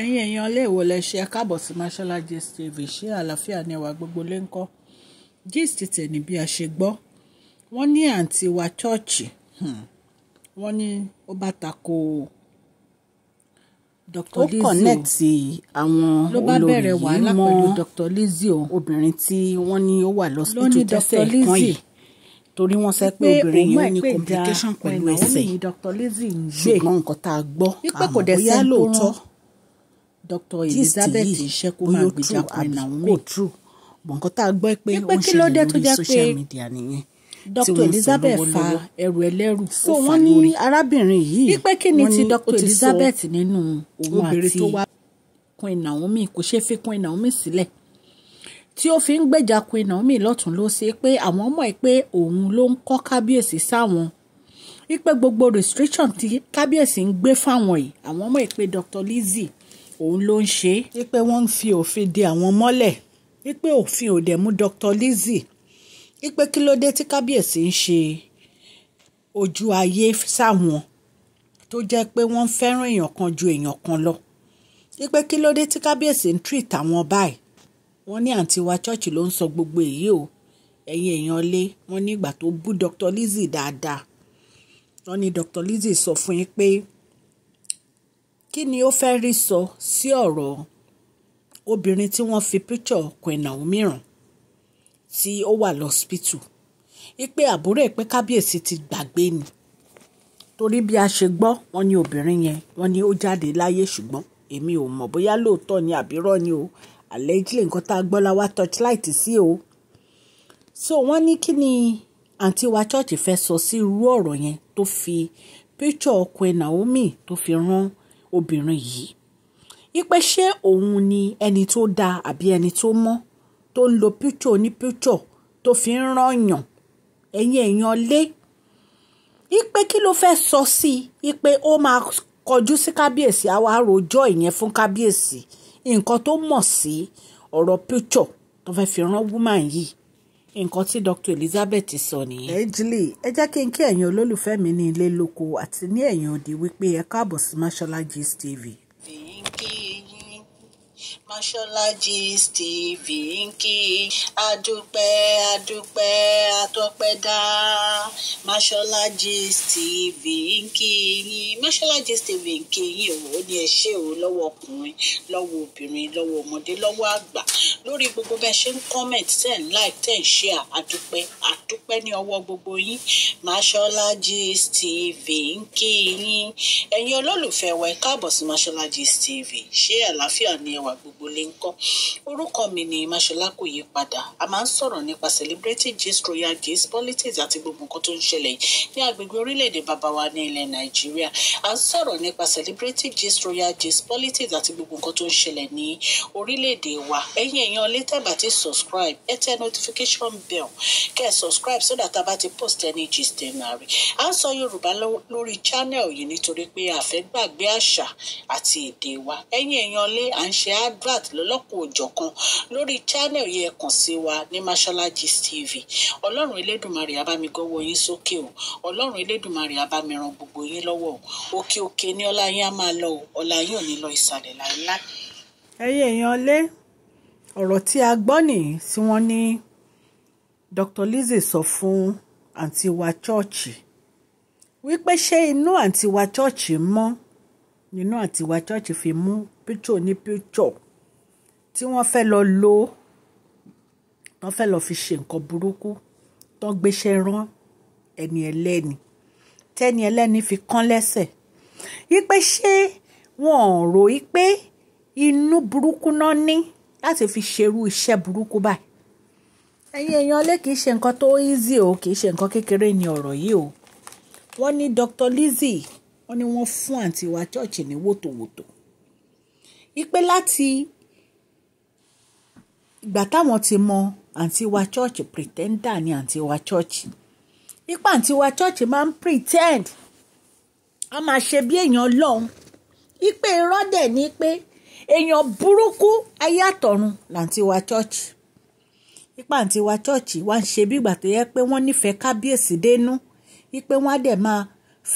ẹ̀yin èèyàn ilé ìwò lẹ ṣe káàbọ̀ sí Mashola Gist TV ṣé àlàáfíà ni ẹwà gbogbo lè ń kọ́ gist tẹ̀ni bí a ṣe gbọ́ wọ́n ní àǹtí wa chọ́ọ̀chì hmm, wọ́n ní ó bá tako Dr. Lizzie ó kọ̀nẹ́ẹ̀tì àwọn olórí yìí mọ́ Dr. Lizzie o obìnrin tí wọ́n ní ó wà lọ́sítítù tẹ́sẹ̀ kan yìí torí wọ́n sẹ́ pé obìnrin yìí ó ní complication pẹ̀lú ẹsẹ̀ ṣùgbọ́n nǹkan tá a gbọ́ àmọ́ bóyá lóòótọ́ Dr. Elizabeth Nseku máa gbèjà pé Naomi bọ̀ǹkan tá a gbọ́ pé ó ń ṣẹlẹ̀ lórí social media nìyẹn Dr. Elizabeth fa ẹrù ẹlẹ́rù so wọ́n ní arábìnrin yìí wípé kí ni ti Dr. Elizabeth nínú òun àti Queen Naomi kò ṣeé fi Queen Naomi sílẹ̀ tí ó fi ń gbèjà Queen Naomi lọ́tún ló ṣe pé àwọn ọmọ ẹ̀ pé òun ló ń kọ́ kábíyèsí sáwọn wípé gbogbo restriction tí kábíyèsí ń gbé fáwọn yìí àwọn ọmọ ẹ̀ pé Dr. Lizzie òun ló ń ṣe é pé wọ́n ń fi òfin de àwọn mọ́lẹ̀ pé òfin ò dẹ̀ mú Dr. Lizzy pé kí ló dé tí kábíyèsí ń ṣe ojú ayé sáwọn tó jẹ́ pé wọ́n fẹ́ràn èèyàn kan ju èèyàn kan lọ pé kí ló dé tí kábíyèsí ń treat àwọn báyìí wọ́n ní àǹtí wa chọ́ọ̀chì ló ń sọ gbogbo èyí o ẹ̀yin èèyàn lé wọ́n ní ìgbà tó bú Dr. Lizzy dáadáa wọ́n ní Dr. Lizzy sọ fún yín pé kí ni ó fẹ́ rí sọ sí ọ̀rọ̀ obìnrin tí wọ́n fi píkṣọ̀ Queen Naomi ràn tí ó wà lọ́sípítù ipe àbúrò ìpé kábíyèsí ti gbàgbé ni torí bí a ṣe gbọ́ wọn ní obìnrin yẹn wọn ní ó jáde láyé ṣùgbọ́n èmi ò mọ̀ bóyá lóòótọ́ ni àbírọ́ ni o allegedly nǹkan tá a gbọ́ la wá torchlight sí o so wọ́n ní kí ni àǹtí wa chọ́ọ̀chì fẹ́ sọ sí irú ọ̀rọ̀ yẹn tó fi píkṣọ̀ Queen Naomi tó fi rán obìnrin yìí ipe ṣé òun ni ẹni tó dáa àbí ẹni tó mọ́ tó ń lo píkṣọ ní píkṣọ tó fi ń rányàn ẹ̀yìn èèyàn lé ipe kí ló fẹ́ sọ sí i ipe ó máa kọjú sí kábíyèsí àwa àròjọ ìyẹn fún kábíyèsí nǹkan tó mọ̀ sí ọ̀rọ̀ píkṣọ tó fẹ́ fi rán wúmà yìí nǹkan tí Dr. Elizabeth sọ nìyẹn. ẹ jílè ẹ jẹ́ kí n kí ẹ̀yin olólùfẹ́ mi ní ilé lóko àti ní ẹ̀yìn òde wípé ẹ káàbọ̀ sí Mashola Gist TV. Mashola Gist TV ń kí adúpẹ́ adúpẹ́ atọ́pẹ́ Mashola Gist TV ń kí yín Mashola Gist TV ń kí yín o ó ní ẹ ṣé o lọ́wọ́ ọkùnrin lọ́wọ́ obìnrin lọ́wọ́ ọmọdé lọ́wọ́ àgbà lórí gbogbo bẹ́ẹ̀ ṣe ń comment ten like ten share àdúpẹ́ àdúpẹ́ ní ọwọ́ gbogbo yín Mashola Gist TV ń kí yín ẹ̀yin olólùfẹ́ wa ẹ káàbọ̀ sí Mashola Gist TV ṣé àlàáfíà ni ẹwà gbogbo lè ń kọ́ orúkọ mi ni Mashola kò yí padà a máa ń sọ̀rọ̀ nípa celebrity gist royal gist politics àti gbogbo nǹkan tó ń ṣe ṣẹlẹ̀ ní agbègbè orílẹ̀-èdè bàbá wa ní ilẹ̀ nàìjíríà à ń sọ̀rọ̀ nípa celebrity gist royal gist politics àti gbogbo nǹkan tó ń ṣẹlẹ̀ ní orílẹ̀-èdè wa ẹ̀yin èèyàn lè ti subscribe ẹ tẹ notification bell kẹ́ ẹ subscribe so that a bá ti post ẹni gist ẹ̀ máa à ń sọ yorùbá lórí channel yìí nítorí pé a fẹ́ gbàgbé àṣà àti èdè wa ẹ̀yin èèyàn lé à ń ṣe advert lọ́lọ́kùn òjọ̀kan lórí channel yìí ẹ kàn sí wa ní mashola gist tv ọlọ́run elédùnmarè abámigọ́wọ́ yín sókè òkè o ọlọ́run elédùnmarè á bá mi ràn gbogbo yín lọ́wọ́ òkè òkè ni ọlá yín á máa lọ o ọlá yín ò ní lọ ìsàlẹ̀ láíláí. ẹ̀yin èèyàn lé ọ̀rọ̀ tí a gbọ́ nìyí tí wọ́n ní Dr. Lizzie sọ fún àǹtí wa chọ́ọ̀chì wípé ṣé inú àǹtí wa chọ́ọ̀chì mọ́ nínú àǹtí wa chọ́ọ̀chì fi mú píchò ní píchò tí wọ́n fẹ́ lọ lo wọ́n fẹ́ lọ fi ṣe nǹkan burúkú tán gbéṣẹ́ rán ẹni ẹlẹ́ni tẹ́ni ẹlẹ́ni fi kán lẹ́sẹ̀ wípé ṣé wọn ò rò í pé inú burúkú náà ní láti fi ṣerú iṣẹ́ burúkú báyìí ẹ̀yin èèyàn lé kìí ṣe nǹkan tó easy o kìí ṣe nǹkan kékeré ni ọ̀rọ̀ yìí o wọ́n ní Dr. Lizzie wọ́n ní wọ́n fún àǹtí wa chọ́ọ̀chì ní wòtòwòtò ipe láti ìgbà táwọn ti mọ àǹtí wa chọ́ọ̀chì pretender ni àǹtí wa chọ́ọ̀chì ipa wa church máa ń pretend a máa ṣe bí èèyàn ọlọ́run ipe irọ́ dẹ̀ ni pé èèyàn burúkú ayé àtọ̀run làǹtí wa church ipa àǹtí wa church wa ń ṣe bí ìgbà tó yẹ pé wọ́n nífẹ̀ẹ́ kábíyèsí dénú ipe wọ́n á dẹ̀ máa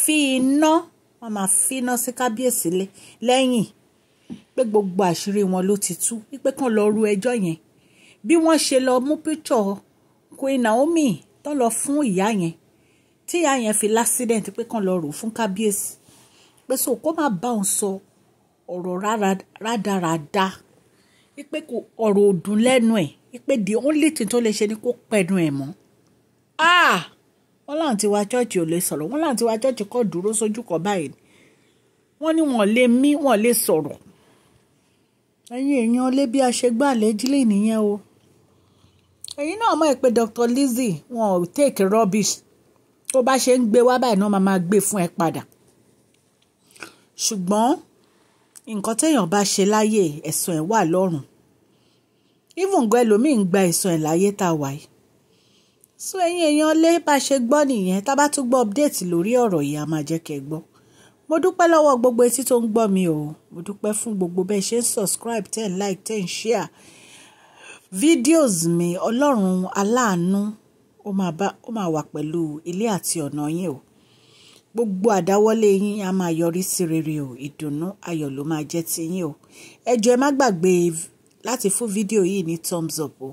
fi iná wọ́n máa fi iná sí kábíyèsí lẹ́yìn pé gbogbo àṣírí wọn ló ti tú wípé kàn lọ ru ẹjọ́ yẹn bí wọ́n ṣe lọ mú píṣọ̀ Queen Naomi tó lọ fún ìyá yẹn tí ìyá yẹn fi lásìdẹ̀ǹt pé kàn lọ rò fún kábíyèsí pé so kó má bá òun sọ ọ̀rọ̀ rádaràda wípé kò ọ̀rọ̀ òdùn lẹ́nu ẹ̀ wípé the only thing tó lè ṣe ni kó pẹnu ẹ̀ mọ́ ah! wọ́n láwọn ti wá chọ́ọ̀chì ò lè sọ̀rọ̀ wọ́n láwọn ti wá chọ́ọ̀chì kọ́ dúró sójú kan báyìí wọ́n ní wọ́n lè mí wọ́n lè sọ̀rọ̀ ẹ̀yin èèyàn lé bí a ṣe gbà lẹ́jílẹ̀ nìyẹn o ẹ̀yin náà mọ̀ ẹ́ pé Dr. Lizzy wọn ò take rubbish tó bá ṣe ń gbé wá báyìí náà máa máa gbé fún ẹ padà ṣùgbọ́n nǹkan téèyàn bá ṣe láyé ẹ̀san ẹ̀ wà lọ́rùn even gan ẹlòmíì ń gba ẹ̀san ẹ̀ láyé tá a wà yìí so ẹ̀yin èèyàn lé bá ṣe gbọ́ nìyẹn tá a bá tún gbọ́ update lórí ọ̀rọ̀ yìí a máa jẹ́ kẹ́ gbọ́ mo dúpẹ́ lọ́wọ́ gbogbo etí tó ń gbọ́ mi o mo dúpẹ́ fún gbogbo bẹ́ẹ̀ ṣe ń subscribe ten like ten share videos mi ọlọ́run aláàánú ó máa bá ó máa wà pẹ̀lú ilé àti ọ̀nà yín o gbogbo àdáwọ́lé yín a máa yọrí sí rere o ìdùnnú ayọ̀ ló máa jẹ́ ti yín o ẹ jọ̀ọ́ ẹ má gbàgbé láti fún fídíò yìí ní thumbs up o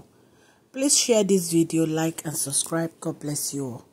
please share this video like and subscribe god bless you all.